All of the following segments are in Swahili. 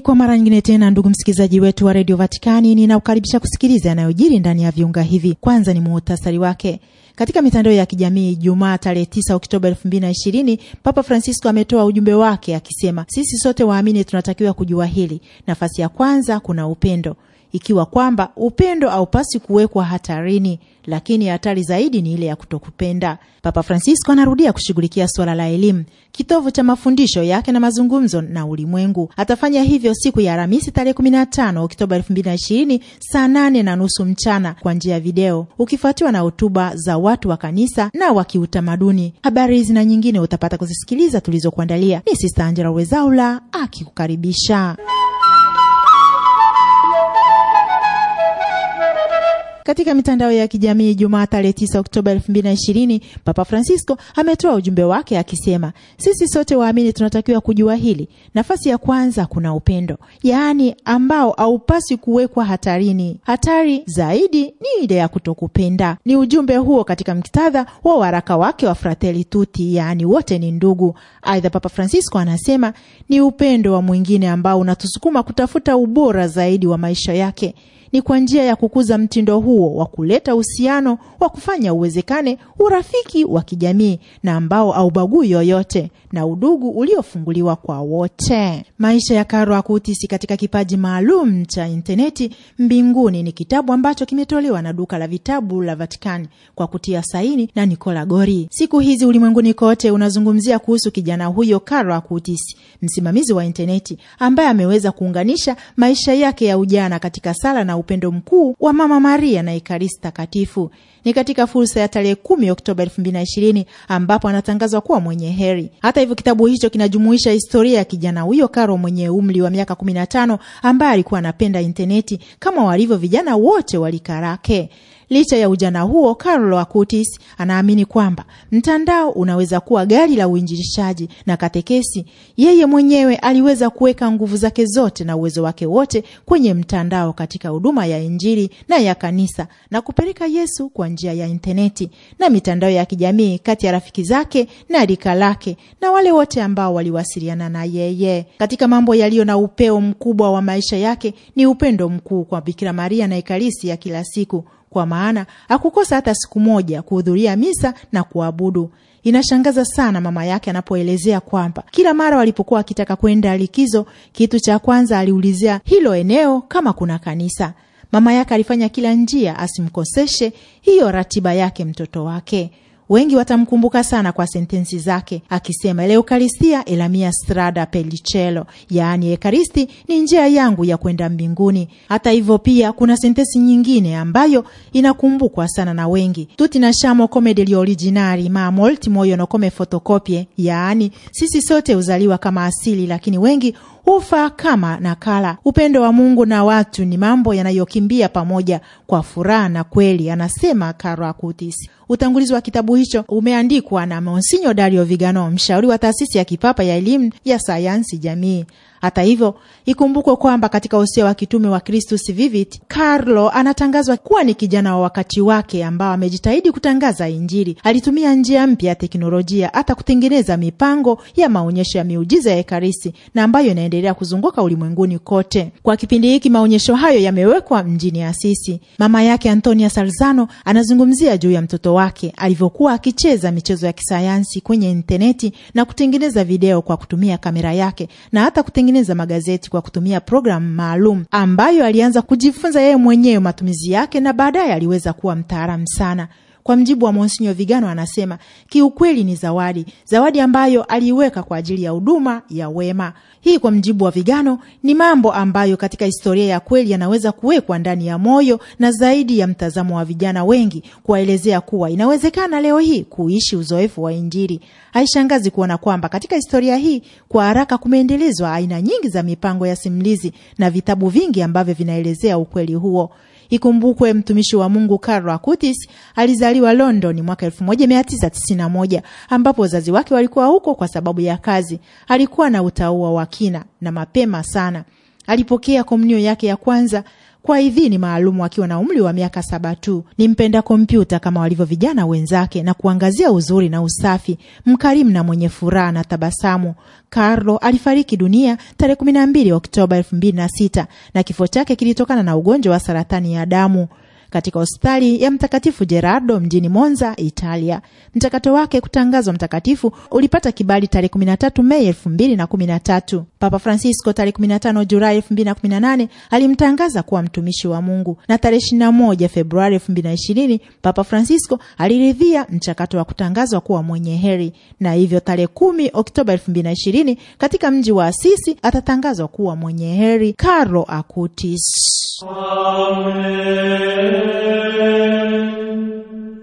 Ni kwa mara nyingine tena, ndugu msikilizaji wetu wa redio Vatikani, ninakukaribisha kusikiliza yanayojiri ndani ya viunga hivi. Kwanza ni muhtasari wake. Katika mitandao ya kijamii Jumaa tarehe 9 Oktoba 2020 Papa Francisco ametoa ujumbe wake akisema, sisi sote waamini tunatakiwa kujua hili, nafasi ya kwanza kuna upendo ikiwa kwamba upendo haupasi kuwekwa hatarini, lakini hatari zaidi ni ile ya kutokupenda. Papa Francisco anarudia kushughulikia suala la elimu, kitovu cha mafundisho yake na mazungumzo na ulimwengu. Atafanya hivyo siku ya Alhamisi tarehe 15 Oktoba 2020 saa 8 na nusu mchana kwa njia ya video, ukifuatiwa na hotuba za watu wa kanisa na wa kiutamaduni. Habari hizi na nyingine utapata kuzisikiliza tulizokuandalia. Ni Sista Angela Wezaula akikukaribisha. Katika mitandao ya kijamii Jumaa tarehe 9 Oktoba 2020, Papa Francisco ametoa ujumbe wake akisema, sisi sote waamini tunatakiwa kujua hili. Nafasi ya kwanza kuna upendo, yaani ambao haupasi kuwekwa hatarini. Hatari zaidi ni ile ya kutokupenda. Ni ujumbe huo katika mktadha wa waraka wake wa Fratelli Tutti, yaani wote ni ndugu. Aidha, Papa Francisco anasema ni upendo wa mwingine ambao unatusukuma kutafuta ubora zaidi wa maisha yake ni kwa njia ya kukuza mtindo huo wa kuleta uhusiano wa kufanya uwezekane urafiki wa kijamii na ambao haubagui yoyote na udugu uliofunguliwa kwa wote. Maisha ya Caro Acutis katika kipaji maalum cha intaneti mbinguni ni kitabu ambacho kimetolewa na duka la vitabu la Vatikani kwa kutia saini na Nicola Gori. Siku hizi ulimwenguni kote unazungumzia kuhusu kijana huyo Caro Acutis, msimamizi wa intaneti ambaye ameweza kuunganisha maisha yake ya ujana katika sala na upendo mkuu wa Mama Maria na Ekaristi Takatifu. Ni katika fursa ya tarehe kumi Oktoba elfu mbili na ishirini ambapo anatangazwa kuwa mwenye heri. Hata hivyo, kitabu hicho kinajumuisha historia ya kijana huyo karo mwenye umri wa miaka kumi na tano ambaye alikuwa anapenda intaneti kama walivyo vijana wote walikarake Licha ya ujana huo, Carlo Acutis anaamini kwamba mtandao unaweza kuwa gari la uinjilishaji na katekesi. Yeye mwenyewe aliweza kuweka nguvu zake zote na uwezo wake wote kwenye mtandao katika huduma ya Injili na ya kanisa na kupeleka Yesu kwa njia ya intaneti na mitandao ya kijamii kati ya rafiki zake na rika lake na wale wote ambao waliwasiliana na yeye. Katika mambo yaliyo na upeo mkubwa wa maisha yake ni upendo mkuu kwa Bikira Maria na Ekaristi ya kila siku kwa maana hakukosa hata siku moja kuhudhuria misa na kuabudu. Inashangaza sana mama yake anapoelezea kwamba kila mara walipokuwa akitaka kwenda likizo, kitu cha kwanza aliulizia hilo eneo kama kuna kanisa. Mama yake alifanya kila njia asimkoseshe hiyo ratiba yake mtoto wake. Wengi watamkumbuka sana kwa sentensi zake akisema, leukaristia eukaristia la mia strada pelichelo yaani ekaristi ni njia yangu ya kwenda mbinguni. Hata hivyo, pia kuna sentensi nyingine ambayo inakumbukwa sana na wengi, tuti nasciamo come degli originari ma molti muoiono come fotokopie, yaani sisi sote huzaliwa kama asili, lakini wengi hufa kama nakala. Upendo wa Mungu na watu ni mambo yanayokimbia pamoja kwa furaha na kweli, anasema Karwa Kutisi. Utangulizi wa kitabu hicho umeandikwa na Monsinyo Dario Vigano, mshauri wa taasisi ya kipapa ya elimu ya sayansi jamii. Hata hivyo, ikumbukwe kwamba katika usia wa kitume wa Christus Vivit, Carlo anatangazwa kuwa ni kijana wa wakati wake ambao amejitahidi kutangaza Injili. Alitumia njia mpya ya teknolojia, hata kutengeneza mipango ya maonyesho ya miujiza ya Ekaristi na ambayo inaendelea kuzunguka ulimwenguni kote. Kwa kipindi hiki maonyesho hayo yamewekwa mjini Asisi. Mama yake Antonia Salzano anazungumzia juu ya mtoto wake alivyokuwa akicheza michezo ya kisayansi kwenye intaneti na kutengeneza video kwa kutumia kamera yake na hata kutengeneza nyingine za magazeti kwa kutumia programu maalum ambayo alianza kujifunza yeye mwenyewe matumizi yake na baadaye aliweza kuwa mtaalamu sana. Kwa mjibu wa Monsinyo Vigano, anasema kiukweli ni zawadi, zawadi ambayo aliiweka kwa ajili ya huduma ya wema. Hii kwa mjibu wa Vigano ni mambo ambayo katika historia ya kweli yanaweza kuwekwa ndani ya moyo na zaidi ya mtazamo wa vijana wengi, kuwaelezea kuwa inawezekana leo hii kuishi uzoefu wa Injili. Haishangazi kuona kwamba katika historia hii kwa haraka kumeendelezwa aina nyingi za mipango ya simulizi na vitabu vingi ambavyo vinaelezea ukweli huo. Ikumbukwe mtumishi wa Mungu Karl Acutis alizaliwa London mwaka 1991 ambapo wazazi wake walikuwa huko kwa sababu ya kazi. Alikuwa na utaua wa kina na mapema sana alipokea komunio yake ya kwanza kwa idhini maalumu akiwa na umri wa miaka saba tu. Ni mpenda kompyuta kama walivyo vijana wenzake na kuangazia uzuri na usafi, mkarimu na mwenye furaha na tabasamu. Carlo alifariki dunia tarehe kumi na mbili Oktoba elfu mbili na sita na kifo chake kilitokana na ugonjwa wa saratani ya damu katika hospitali ya Mtakatifu Gerardo mjini Monza, Italia. Mchakato wake kutangazwa mtakatifu ulipata kibali tarehe 13 Mei 2013. Papa Francisco tarehe 15 Julai 2018 alimtangaza kuwa mtumishi wa Mungu, na tarehe 21 Februari 2020 Papa Francisco aliridhia mchakato wa kutangazwa kuwa mwenye heri, na hivyo tarehe 10 Oktoba 2020 katika mji wa Asisi atatangazwa kuwa mwenye heri Carlo Acutis. Amen.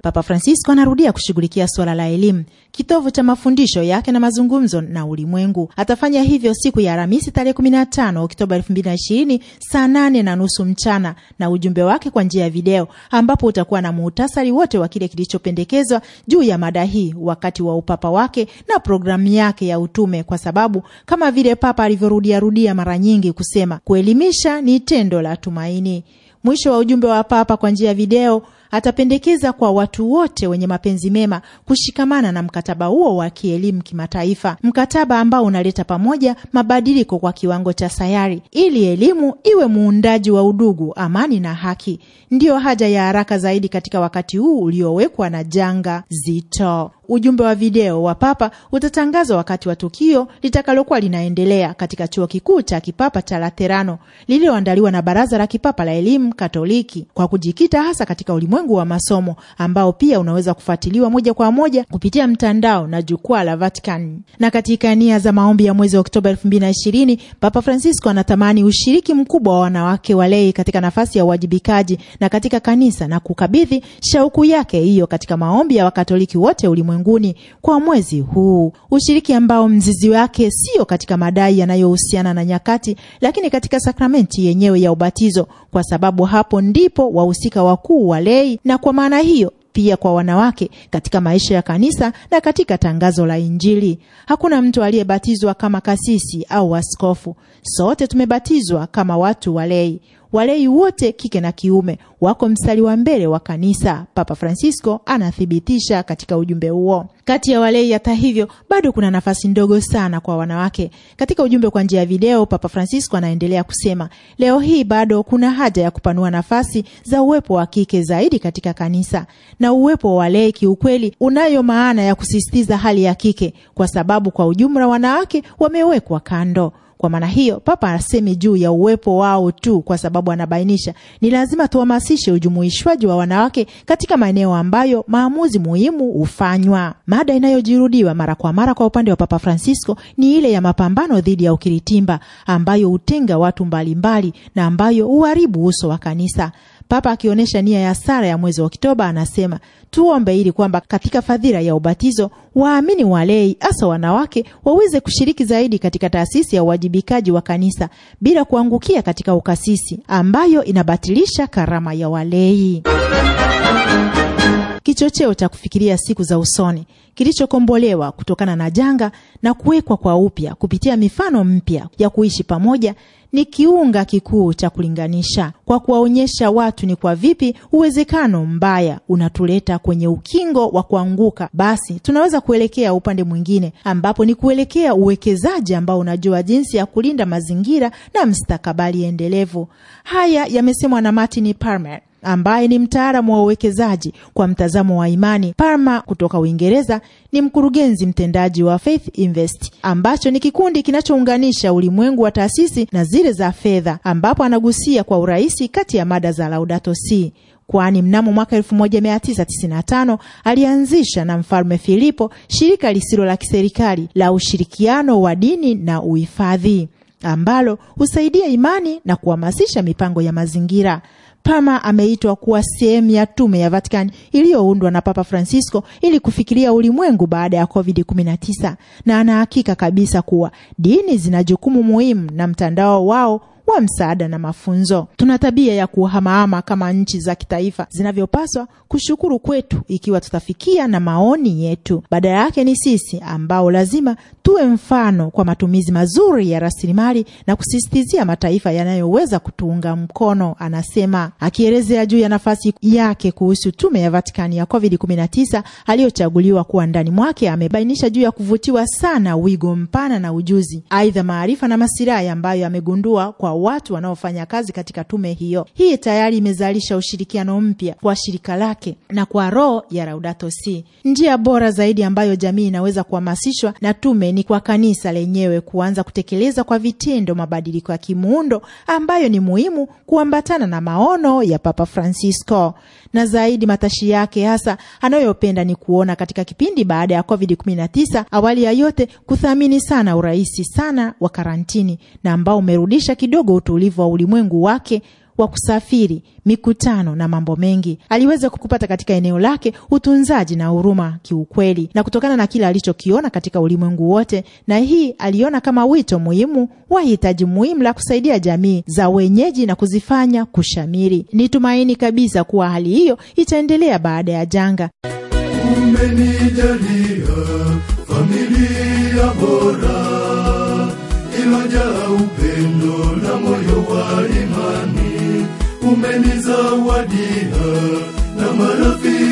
Papa Francisco anarudia kushughulikia suala la elimu, kitovu cha mafundisho yake na mazungumzo na ulimwengu. Atafanya hivyo siku ya Alhamisi tarehe 15 Oktoba 2020 saa nane na nusu mchana na ujumbe wake kwa njia ya video, ambapo utakuwa na muhtasari wote wa kile kilichopendekezwa juu ya mada hii wakati wa upapa wake na programu yake ya utume, kwa sababu kama vile Papa alivyorudiarudia mara nyingi kusema, kuelimisha ni tendo la tumaini. Mwisho wa ujumbe wa Papa kwa njia ya video atapendekeza kwa watu wote wenye mapenzi mema kushikamana na mkataba huo wa kielimu kimataifa, mkataba ambao unaleta pamoja mabadiliko kwa kiwango cha sayari, ili elimu iwe muundaji wa udugu, amani na haki. Ndiyo haja ya haraka zaidi katika wakati huu uliowekwa na janga zito. Ujumbe wa video wa Papa utatangazwa wakati wa tukio litakalokuwa linaendelea katika chuo kikuu cha kipapa cha Laterano lililoandaliwa na Baraza la Kipapa la Elimu Katoliki kwa kujikita hasa katika ulimwengu wa masomo ambao pia unaweza kufuatiliwa moja kwa moja kupitia mtandao na jukwaa la Vatican. Na katika nia za maombi ya mwezi wa Oktoba 2020, Papa Francisco anatamani ushiriki mkubwa wa wanawake walei katika nafasi ya uwajibikaji na katika kanisa na kukabidhi shauku yake hiyo katika maombi ya Wakatoliki wote ulimwengu ulimwenguni kwa mwezi huu, ushiriki ambao mzizi wake sio katika madai yanayohusiana na nyakati, lakini katika sakramenti yenyewe ya ubatizo, kwa sababu hapo ndipo wahusika wakuu wa lei na kwa maana hiyo pia kwa wanawake katika maisha ya kanisa na katika tangazo la Injili. Hakuna mtu aliyebatizwa kama kasisi au askofu, sote tumebatizwa kama watu walei. Walei wote kike na kiume wako mstari wa mbele wa kanisa, Papa Francisco anathibitisha katika ujumbe huo. Kati ya walei, hata hivyo, bado kuna nafasi ndogo sana kwa wanawake. Katika ujumbe kwa njia ya video, Papa Francisco anaendelea kusema, leo hii bado kuna haja ya kupanua nafasi za uwepo wa kike zaidi katika kanisa, na uwepo wa walei kiukweli unayo maana ya kusisitiza hali ya kike, kwa sababu kwa ujumla wanawake wamewekwa kando. Kwa maana hiyo, Papa asemi juu ya uwepo wao tu, kwa sababu anabainisha ni lazima tuhamasishe ujumuishwaji wa wanawake katika maeneo ambayo maamuzi muhimu hufanywa. Mada inayojirudiwa mara kwa mara kwa upande wa Papa Francisco ni ile ya mapambano dhidi ya ukiritimba ambayo hutenga watu mbalimbali mbali na ambayo huharibu uso wa kanisa. Papa akionyesha nia ya sara ya mwezi wa Oktoba anasema tuombe ili kwamba katika fadhila ya ubatizo waamini walei, hasa wanawake, waweze kushiriki zaidi katika taasisi ya uwajibikaji wa kanisa bila kuangukia katika ukasisi ambayo inabatilisha karama ya walei kichocheo cha kufikiria siku za usoni kilichokombolewa kutokana na janga na kuwekwa kwa upya kupitia mifano mpya ya kuishi pamoja ni kiunga kikuu cha kulinganisha kwa kuwaonyesha watu ni kwa vipi uwezekano mbaya unatuleta kwenye ukingo wa kuanguka. Basi tunaweza kuelekea upande mwingine, ambapo ni kuelekea uwekezaji ambao unajua jinsi ya kulinda mazingira na mstakabali endelevu. Haya yamesemwa na Martin Parmer, ambaye ni mtaalamu wa uwekezaji kwa mtazamo wa imani Parma kutoka Uingereza ni mkurugenzi mtendaji wa Faith Invest ambacho ni kikundi kinachounganisha ulimwengu wa taasisi na zile za fedha, ambapo anagusia kwa urahisi kati ya mada za Laudato Si, kwani mnamo mwaka 1995 alianzisha na Mfalme Filipo shirika lisilo la kiserikali la ushirikiano wa dini na uhifadhi ambalo husaidia imani na kuhamasisha mipango ya mazingira. Pama ameitwa kuwa sehemu ya tume ya Vatican iliyoundwa na Papa Francisco ili kufikiria ulimwengu baada ya COVID-19 na anahakika kabisa kuwa dini zina jukumu muhimu na mtandao wao wa msaada na mafunzo. Tuna tabia ya kuhamahama kama nchi za kitaifa zinavyopaswa kushukuru kwetu ikiwa tutafikia na maoni yetu. Badala yake ni sisi ambao lazima tuwe mfano kwa matumizi mazuri ya rasilimali na kusisitizia mataifa yanayoweza kutuunga mkono, anasema akielezea juu ya nafasi yake kuhusu tume ya Vatikani ya COVID-19 aliyochaguliwa kuwa ndani mwake. Amebainisha juu ya kuvutiwa sana wigo mpana na ujuzi, aidha maarifa na masilahi ambayo amegundua kwa watu wanaofanya kazi katika tume hiyo. Hii tayari imezalisha ushirikiano mpya kwa shirika lake na kwa roho ya Laudato Si. Njia bora zaidi ambayo jamii inaweza kuhamasishwa na tume ni kwa kanisa lenyewe kuanza kutekeleza kwa vitendo mabadiliko ya kimuundo ambayo ni muhimu kuambatana na maono ya Papa Francisco. Na zaidi matashi yake hasa anayopenda ni kuona katika kipindi baada ya COVID-19, awali ya yote kuthamini sana urahisi sana wa karantini na ambao umerudisha kidogo kidogo utulivu wa ulimwengu wake wa kusafiri, mikutano na mambo mengi. Aliweza kupata katika eneo lake utunzaji na huruma kiukweli, na kutokana na kile alichokiona katika ulimwengu wote, na hii aliona kama wito muhimu wa hitaji muhimu la kusaidia jamii za wenyeji na kuzifanya kushamiri. Ni tumaini kabisa kuwa hali hiyo itaendelea baada ya janga. Umenijalia familia bora ilojaa kumbeni zawadi na marafiki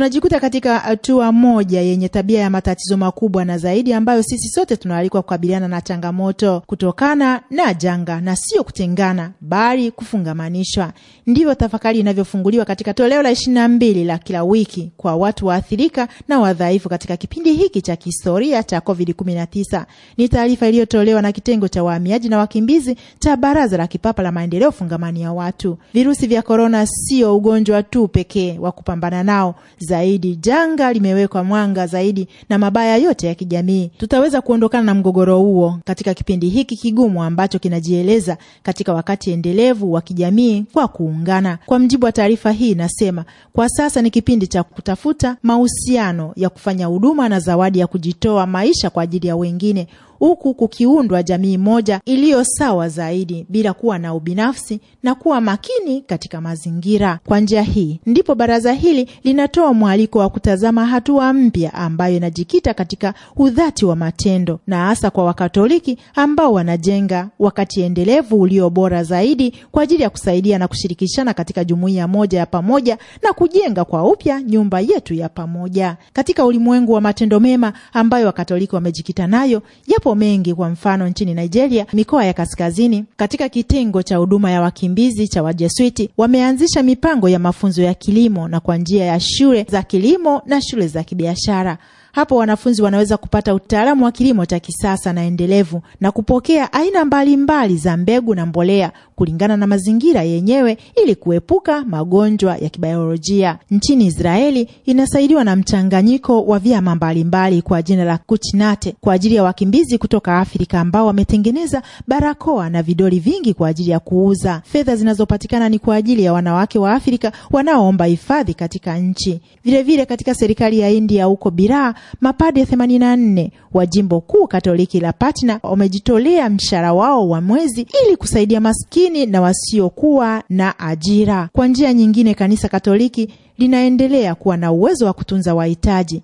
tunajikuta katika hatua moja yenye tabia ya matatizo makubwa na zaidi, ambayo sisi sote tunaalikwa kukabiliana na changamoto kutokana na janga, na sio kutengana, bali kufungamanishwa. Ndivyo tafakari inavyofunguliwa katika toleo la ishirini na mbili la kila wiki kwa watu waathirika na wadhaifu katika kipindi hiki cha kihistoria cha COVID-19. Ni taarifa iliyotolewa na kitengo cha wahamiaji na wakimbizi cha Baraza la Kipapa la Maendeleo Fungamani ya Watu. Virusi vya korona sio ugonjwa tu pekee wa kupambana nao zaidi, janga limewekwa mwanga zaidi na mabaya yote ya kijamii. Tutaweza kuondokana na mgogoro huo katika kipindi hiki kigumu ambacho kinajieleza katika wakati endelevu wa kijamii kwa kuungana. Kwa mjibu wa taarifa hii inasema, kwa sasa ni kipindi cha kutafuta mahusiano ya kufanya huduma na zawadi ya kujitoa maisha kwa ajili ya wengine huku kukiundwa jamii moja iliyo sawa zaidi bila kuwa na ubinafsi na kuwa makini katika mazingira. Kwa njia hii ndipo baraza hili linatoa mwaliko wa kutazama hatua mpya ambayo inajikita katika udhati wa matendo na hasa kwa Wakatoliki ambao wanajenga wakati endelevu ulio bora zaidi kwa ajili ya kusaidia na kushirikishana katika jumuiya moja ya pamoja na kujenga kwa upya nyumba yetu ya pamoja katika ulimwengu wa matendo mema ambayo Wakatoliki wamejikita nayo, japo yapo mengi. Kwa mfano, nchini Nigeria, mikoa ya kaskazini, katika kitengo cha huduma ya wakimbizi cha Wajesuiti wameanzisha mipango ya mafunzo ya kilimo na kwa njia ya shule za kilimo na shule za kibiashara. Hapo wanafunzi wanaweza kupata utaalamu wa kilimo cha kisasa na endelevu na kupokea aina mbalimbali mbali za mbegu na mbolea kulingana na mazingira yenyewe ili kuepuka magonjwa ya kibayolojia. Nchini Israeli inasaidiwa na mchanganyiko wa vyama mbalimbali kwa jina la Kuchinate kwa ajili ya wakimbizi kutoka Afrika ambao wametengeneza barakoa na vidoli vingi kwa ajili ya kuuza. Fedha zinazopatikana ni kwa ajili ya wanawake wa Afrika wanaoomba hifadhi katika nchi. Vilevile vile katika serikali ya India huko Biraa, mapadre 84 wa jimbo kuu Katoliki la Patna wamejitolea mshahara wao wa mwezi ili kusaidia maskini maskini na wasiokuwa na ajira. Kwa njia nyingine, kanisa Katoliki linaendelea kuwa na uwezo wa kutunza wahitaji.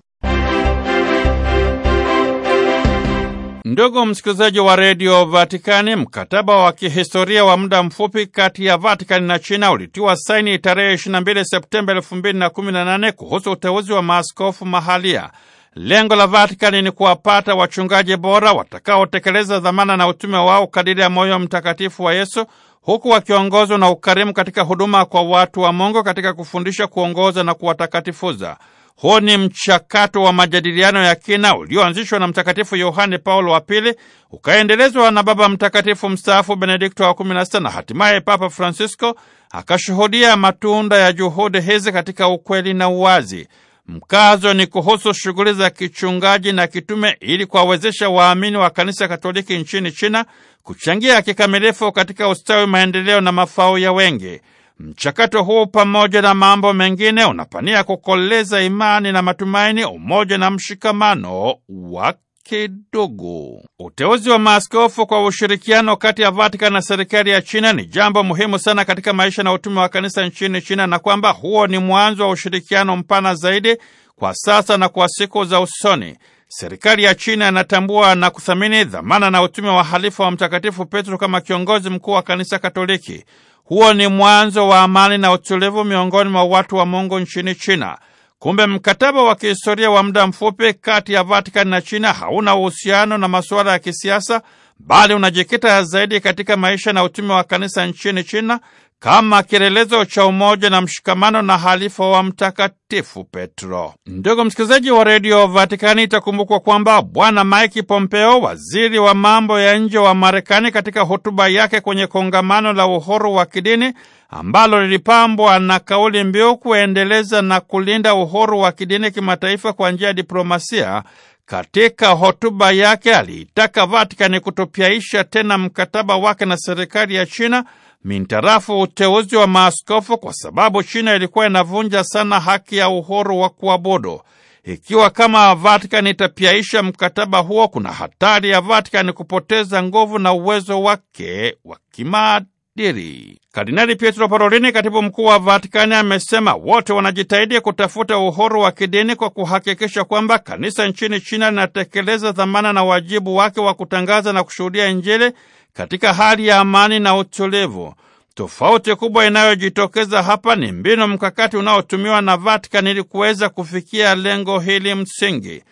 Ndugu msikilizaji wa redio Vatikani, mkataba wa kihistoria wa muda mfupi kati ya Vatikani na China ulitiwa saini tarehe 22 Septemba 2018 kuhusu uteuzi wa maaskofu mahalia. Lengo la Vatikani ni kuwapata wachungaji bora watakaotekeleza dhamana na utume wao kadiri ya moyo mtakatifu wa Yesu huku wakiongozwa na ukarimu katika huduma kwa watu wa Mungu katika kufundisha, kuongoza na kuwatakatifuza. Huu ni mchakato wa majadiliano ya kina ulioanzishwa na Mtakatifu Yohane Paulo wa Pili, ukaendelezwa na Baba Mtakatifu mstaafu Benedikto wa 16 na hatimaye Papa Francisco akashuhudia matunda ya juhudi hizi katika ukweli na uwazi. Mkazo ni kuhusu shughuli za kichungaji na kitume ili kuwawezesha waamini wa kanisa Katoliki nchini China kuchangia kikamilifu katika ustawi, maendeleo na mafao ya wengi. Mchakato huu pamoja na mambo mengine unapania kukoleza imani na matumaini, umoja na mshikamano wa kidogo. Uteuzi wa maaskofu kwa ushirikiano kati ya Vatikani na serikali ya China ni jambo muhimu sana katika maisha na utume wa kanisa nchini China, na kwamba huo ni mwanzo wa ushirikiano mpana zaidi kwa sasa na kwa siku za usoni. Serikali ya China inatambua na kuthamini dhamana na utume wa halifa wa Mtakatifu Petro kama kiongozi mkuu wa kanisa Katoliki. Huo ni mwanzo wa amani na utulivu miongoni mwa watu wa Mungu nchini China. Kumbe mkataba wa kihistoria wa muda mfupi kati ya Vatikani na China hauna uhusiano na masuala ya kisiasa, bali unajikita zaidi katika maisha na utume wa kanisa nchini China kama kielelezo cha umoja na mshikamano na halifa wa Mtakatifu Petro. Ndugu msikilizaji wa redio Vatikani, itakumbukwa kwamba Bwana Mike Pompeo, waziri wa mambo ya nje wa Marekani, katika hotuba yake kwenye kongamano la uhuru wa kidini ambalo lilipambwa na kauli mbiu kuendeleza na kulinda uhuru wa kidini kimataifa kwa njia ya diplomasia katika hotuba yake aliitaka Vatikani kutopiaisha tena mkataba wake na serikali ya China mintarafu uteuzi wa maaskofu, kwa sababu China ilikuwa inavunja sana haki ya uhuru wa kuabudu. Ikiwa kama Vatikani itapiaisha mkataba huo, kuna hatari ya Vatikani kupoteza nguvu na uwezo wake wa kimaadili. Kardinali Pietro Parolini, katibu mkuu wa Vatikani, amesema wote wanajitahidi kutafuta uhuru wa kidini kwa kuhakikisha kwamba kanisa nchini China linatekeleza dhamana na wajibu wake wa kutangaza na kushuhudia Injili katika hali ya amani na utulivu. Tofauti kubwa inayojitokeza hapa ni mbinu mkakati unaotumiwa na Vatican ili kuweza kufikia lengo hili msingi.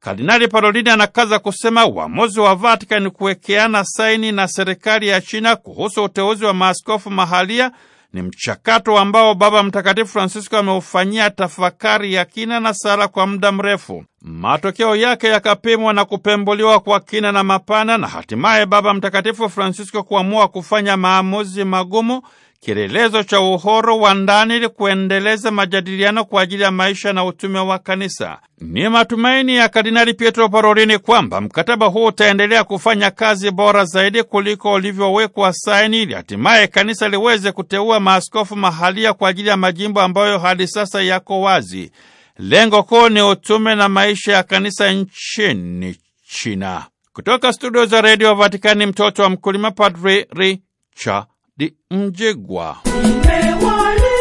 Kardinali Parolini anakaza kusema uamuzi wa Vatican kuwekeana saini na serikali ya China kuhusu uteuzi wa maaskofu mahalia ni mchakato ambao Baba Mtakatifu Francisco ameufanyia tafakari ya kina na sala kwa muda mrefu. Matokeo yake yakapimwa na kupembuliwa kwa kina na mapana, na hatimaye Baba Mtakatifu Francisco kuamua kufanya maamuzi magumu kielelezo cha uhuru wa ndani ili kuendeleza majadiliano kwa ajili ya maisha na utume wa kanisa. Ni matumaini ya Kardinali Pietro Parolini kwamba mkataba huu utaendelea kufanya kazi bora zaidi kuliko ulivyowekwa saini, ili hatimaye kanisa liweze kuteua maaskofu mahalia kwa ajili ya majimbo ambayo hadi sasa yako wazi. Lengo kuu ni utume na maisha ya kanisa nchini China. Kutoka studio za redio Vatikani, mtoto wa mkulima, Padri Richard ni mjegwa. Nimewali,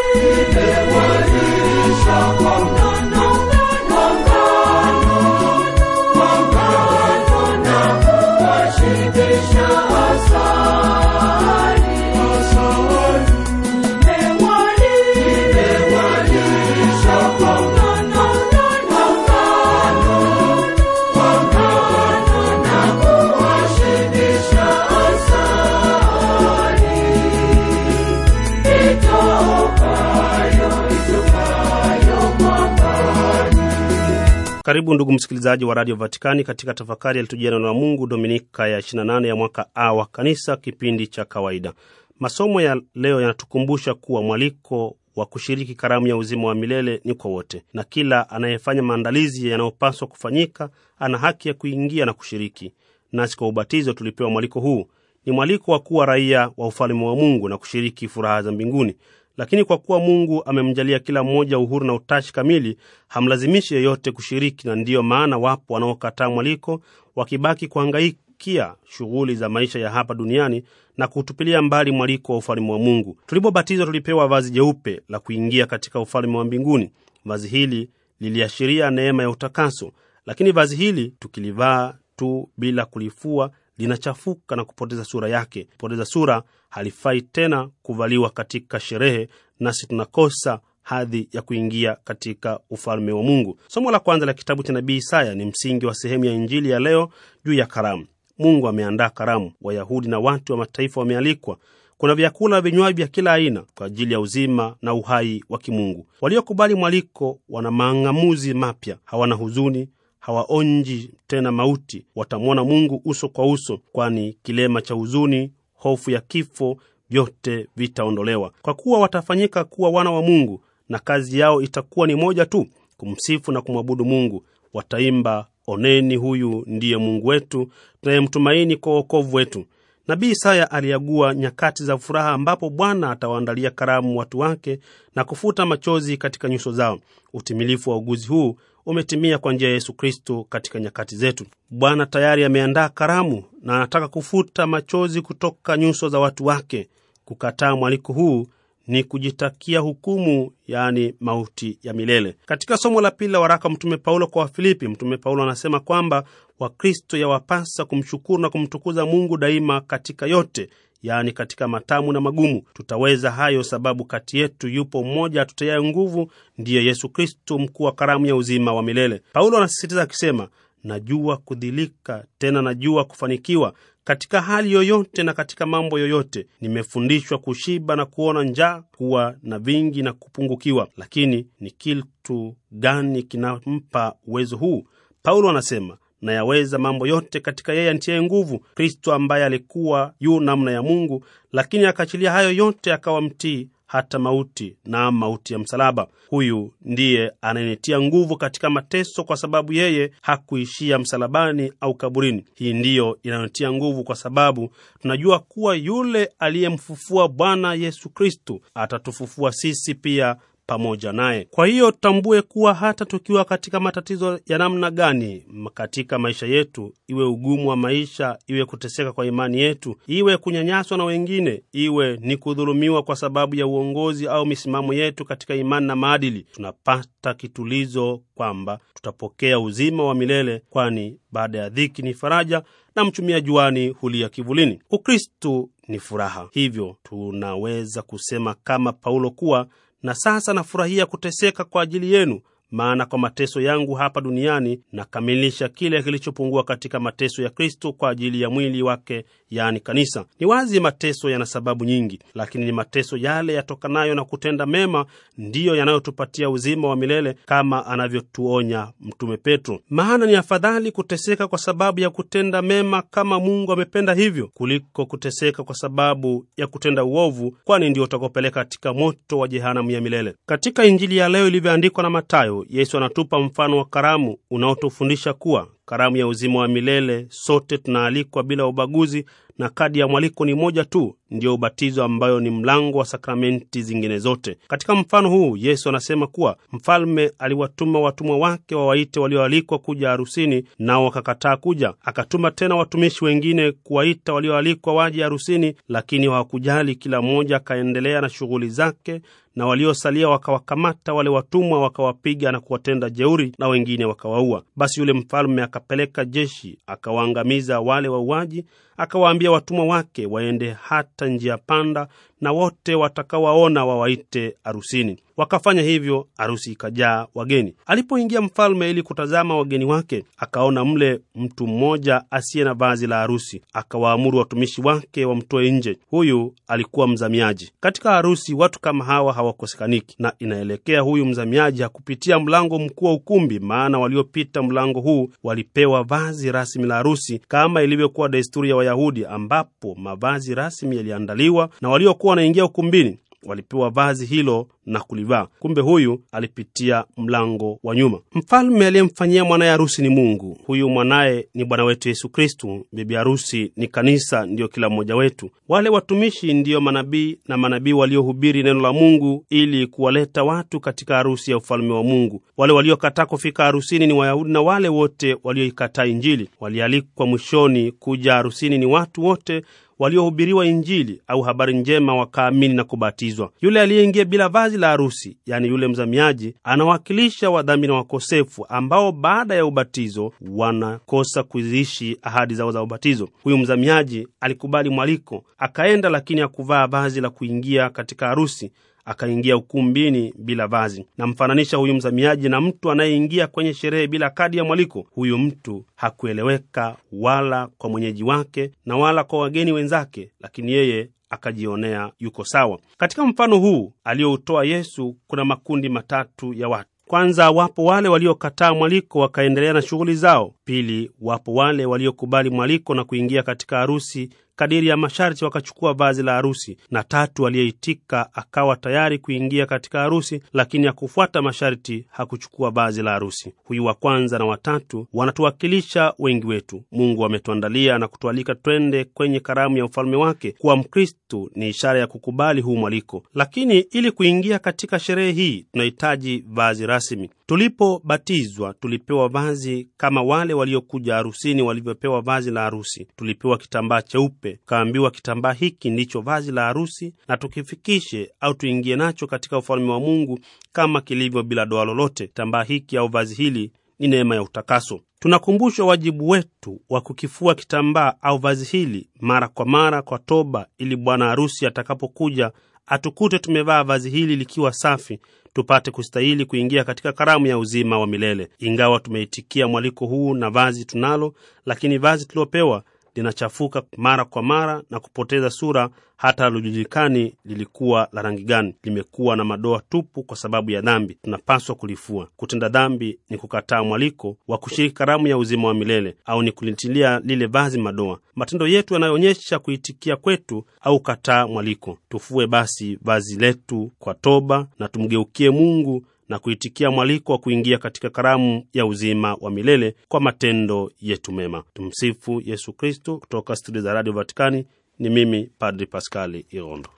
Karibu ndugu msikilizaji wa Radio Vatikani katika tafakari yalitujia neno la Mungu Dominika ya 28 ya mwaka A wa Kanisa, kipindi cha kawaida. Masomo ya leo yanatukumbusha kuwa mwaliko wa kushiriki karamu ya uzima wa milele ni kwa wote, na kila anayefanya maandalizi yanayopaswa kufanyika ana haki ya kuingia na kushiriki. Nasi kwa ubatizo tulipewa mwaliko huu, ni mwaliko wa kuwa raia wa ufalme wa Mungu na kushiriki furaha za mbinguni. Lakini kwa kuwa Mungu amemjalia kila mmoja uhuru na utashi kamili, hamlazimishi yeyote kushiriki, na ndiyo maana wapo wanaokataa mwaliko, wakibaki kuhangaikia shughuli za maisha ya hapa duniani na kuutupilia mbali mwaliko wa ufalme wa Mungu. Tulipobatizwa tulipewa vazi jeupe la kuingia katika ufalme wa mbinguni. Vazi hili liliashiria neema ya utakaso, lakini vazi hili tukilivaa tu bila kulifua linachafuka na kupoteza sura yake. Kupoteza sura halifai tena kuvaliwa katika sherehe, nasi tunakosa hadhi ya kuingia katika ufalme wa Mungu. Somo la kwanza la kitabu cha nabii Isaya ni msingi wa sehemu ya Injili ya leo juu ya karamu. Mungu ameandaa karamu, Wayahudi na watu wa mataifa wamealikwa. Kuna vyakula na vinywaji vya kila aina kwa ajili ya uzima na uhai wa kimungu. Waliokubali mwaliko wana mang'amuzi mapya, hawana huzuni hawaonji tena mauti, watamwona Mungu uso kwa uso, kwani kilema cha huzuni, hofu ya kifo vyote vitaondolewa, kwa kuwa watafanyika kuwa wana wa Mungu, na kazi yao itakuwa ni moja tu, kumsifu na kumwabudu Mungu. Wataimba, oneni, huyu ndiye Mungu wetu tunayemtumaini kwa uokovu wetu. Nabii Isaya aliagua nyakati za furaha ambapo Bwana atawaandalia karamu watu wake na kufuta machozi katika nyuso zao. Utimilifu wa uguzi huu umetimia kwa njia ya Yesu Kristo katika nyakati zetu. Bwana tayari ameandaa karamu na anataka kufuta machozi kutoka nyuso za watu wake. Kukataa mwaliko huu ni kujitakia hukumu, yaani mauti ya milele. Katika somo la pili la waraka Mtume Paulo kwa Wafilipi, Mtume Paulo anasema kwamba Wakristo yawapasa kumshukuru na kumtukuza Mungu daima katika yote, yaani katika matamu na magumu. Tutaweza hayo sababu kati yetu yupo mmoja atutiaye nguvu, ndiye Yesu kristu mkuu wa karamu ya uzima wa milele. Paulo anasisitiza akisema, najua kudhilika, tena najua kufanikiwa katika hali yoyote na katika mambo yoyote. Nimefundishwa kushiba na kuona njaa, kuwa na vingi na kupungukiwa. Lakini ni kitu gani kinampa uwezo huu? Paulo anasema na yaweza mambo yote katika yeye antiaye nguvu. Kristo ambaye alikuwa yu namna ya Mungu, lakini akaachilia hayo yote akawa mtii hata mauti, na mauti ya msalaba. Huyu ndiye anayenitia nguvu katika mateso, kwa sababu yeye hakuishia msalabani au kaburini. Hii ndiyo inayotia nguvu, kwa sababu tunajua kuwa yule aliyemfufua Bwana Yesu Kristu atatufufua sisi pia pamoja naye. Kwa hiyo tutambue kuwa hata tukiwa katika matatizo ya namna gani katika maisha yetu, iwe ugumu wa maisha, iwe kuteseka kwa imani yetu, iwe kunyanyaswa na wengine, iwe ni kudhulumiwa kwa sababu ya uongozi au misimamo yetu katika imani na maadili, tunapata kitulizo kwamba tutapokea uzima wa milele, kwani baada ya dhiki ni faraja na mchumia juani hulia kivulini. Ukristu ni furaha. Hivyo tunaweza kusema kama Paulo kuwa na sasa nafurahia kuteseka kwa ajili yenu, maana kwa mateso yangu hapa duniani nakamilisha kile kilichopungua katika mateso ya Kristo kwa ajili ya mwili wake yaani kanisa. Ni wazi mateso yana sababu nyingi, lakini ni mateso yale yatokanayo na kutenda mema ndiyo yanayotupatia uzima wa milele kama anavyotuonya Mtume Petro. Maana ni afadhali kuteseka kwa sababu ya kutenda mema kama Mungu amependa hivyo, kuliko kuteseka kwa sababu ya kutenda uovu, kwani ndio utakopeleka katika moto wa jehanamu ya milele. Katika Injili ya leo ilivyoandikwa na Matayo, Yesu anatupa mfano wa karamu unaotufundisha kuwa karamu ya uzima wa milele. Sote tunaalikwa bila ubaguzi, na kadi ya mwaliko ni moja tu, ndiyo ubatizo, ambayo ni mlango wa sakramenti zingine zote. Katika mfano huu, Yesu anasema kuwa mfalme aliwatuma watumwa wake wawaite walioalikwa kuja harusini, nao wakakataa kuja. Akatuma tena watumishi wengine kuwaita walioalikwa waje harusini, lakini hawakujali. Kila mmoja akaendelea na shughuli zake na waliosalia wakawakamata wale watumwa wakawapiga na kuwatenda jeuri, na wengine wakawaua. Basi yule mfalme akapeleka jeshi akawaangamiza wale wauaji akawaambia watumwa wake waende hata njia panda, na wote watakawaona wawaite arusini. Wakafanya hivyo, arusi ikajaa wageni. Alipoingia mfalme ili kutazama wageni wake, akaona mle mtu mmoja asiye na vazi la harusi, akawaamuru watumishi wake wamtoe nje. Huyu alikuwa mzamiaji. Katika harusi watu kama hawa hawakosekaniki, na inaelekea huyu mzamiaji hakupitia mlango mkuu wa ukumbi, maana waliopita mlango huu walipewa vazi rasmi la harusi kama ilivyokuwa desturi ya Wayahudi ambapo mavazi rasmi yaliandaliwa na waliokuwa wanaingia ukumbini walipewa vazi hilo na kulivaa. Kumbe huyu alipitia mlango wa nyuma. Mfalme aliyemfanyia mwanaye harusi ni Mungu. Huyu mwanaye ni Bwana wetu Yesu Kristu. Bibi harusi ni kanisa, ndiyo kila mmoja wetu. Wale watumishi ndiyo manabii na manabii waliohubiri neno la Mungu ili kuwaleta watu katika harusi ya ufalme wa Mungu. Wale waliokataa kufika harusini ni Wayahudi na wale wote walioikataa Injili. Walialikwa mwishoni kuja harusini ni watu wote waliohubiriwa Injili au habari njema wakaamini na kubatizwa. Yule aliyeingia bila vazi la harusi, yaani yule mzamiaji, anawakilisha wadhamini wakosefu ambao baada ya ubatizo wanakosa kuziishi ahadi zao za ubatizo. Huyu mzamiaji alikubali mwaliko akaenda, lakini hakuvaa vazi la kuingia katika harusi akaingia ukumbini bila vazi. Namfananisha huyu mzamiaji na mtu anayeingia kwenye sherehe bila kadi ya mwaliko. Huyu mtu hakueleweka wala kwa mwenyeji wake na wala kwa wageni wenzake, lakini yeye akajionea yuko sawa. Katika mfano huu aliyoutoa Yesu kuna makundi matatu ya watu. Kwanza, wapo wale waliokataa mwaliko wakaendelea na shughuli zao. Pili, wapo wale waliokubali mwaliko na kuingia katika harusi kadiri ya masharti wakachukua vazi la harusi, na tatu aliyeitika akawa tayari kuingia katika harusi, lakini hakufuata masharti, hakuchukua vazi la harusi. Huyu wa kwanza na watatu wanatuwakilisha wengi wetu. Mungu ametuandalia na kutualika twende kwenye karamu ya ufalme wake. Kuwa Mkristu ni ishara ya kukubali huu mwaliko, lakini ili kuingia katika sherehe hii tunahitaji vazi rasmi. Tulipobatizwa tulipewa vazi kama wale waliokuja harusini walivyopewa vazi la harusi. Tulipewa kitambaa cheupe nyeupe Tukaambiwa kitambaa hiki ndicho vazi la harusi, na tukifikishe au tuingie nacho katika ufalme wa Mungu kama kilivyo bila doa lolote. Kitambaa hiki au vazi hili ni neema ya utakaso. Tunakumbushwa wajibu wetu wa kukifua kitambaa au vazi hili mara kwa mara kwa toba, ili bwana harusi atakapokuja atukute tumevaa vazi hili likiwa safi, tupate kustahili kuingia katika karamu ya uzima wa milele. Ingawa tumeitikia mwaliko huu na vazi tunalo, lakini vazi tuliopewa linachafuka mara kwa mara na kupoteza sura, hata lujulikani lilikuwa la rangi gani. Limekuwa na madoa tupu kwa sababu ya dhambi. Tunapaswa kulifua. Kutenda dhambi ni kukataa mwaliko wa kushiriki karamu ya uzima wa milele, au ni kulitilia lile vazi madoa. Matendo yetu yanayoonyesha kuitikia kwetu au kataa mwaliko. Tufue basi vazi letu kwa toba na tumgeukie Mungu na kuitikia mwaliko wa kuingia katika karamu ya uzima wa milele kwa matendo yetu mema. Tumsifu Yesu Kristo. Kutoka studio za Radio Vatikani ni mimi Padri Paskali Irondo.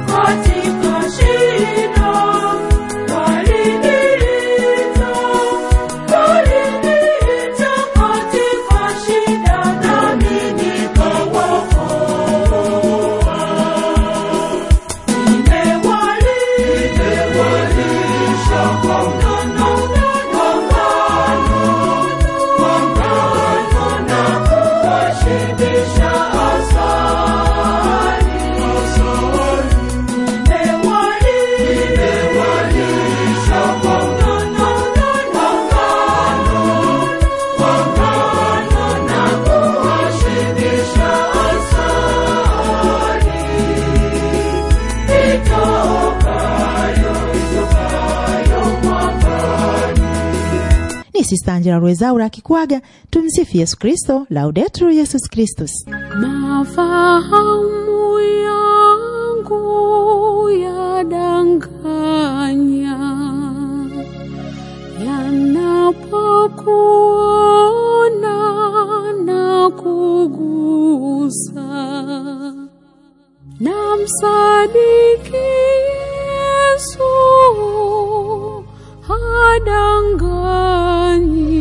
Angela Rwezaura akikuaga. Tumsifu Yesu Kristo, Laudetur Yesus Kristus. Mafahamu yangu yadanganya, yanapokuona na kugusa, namsadiki Yesu hadanganyi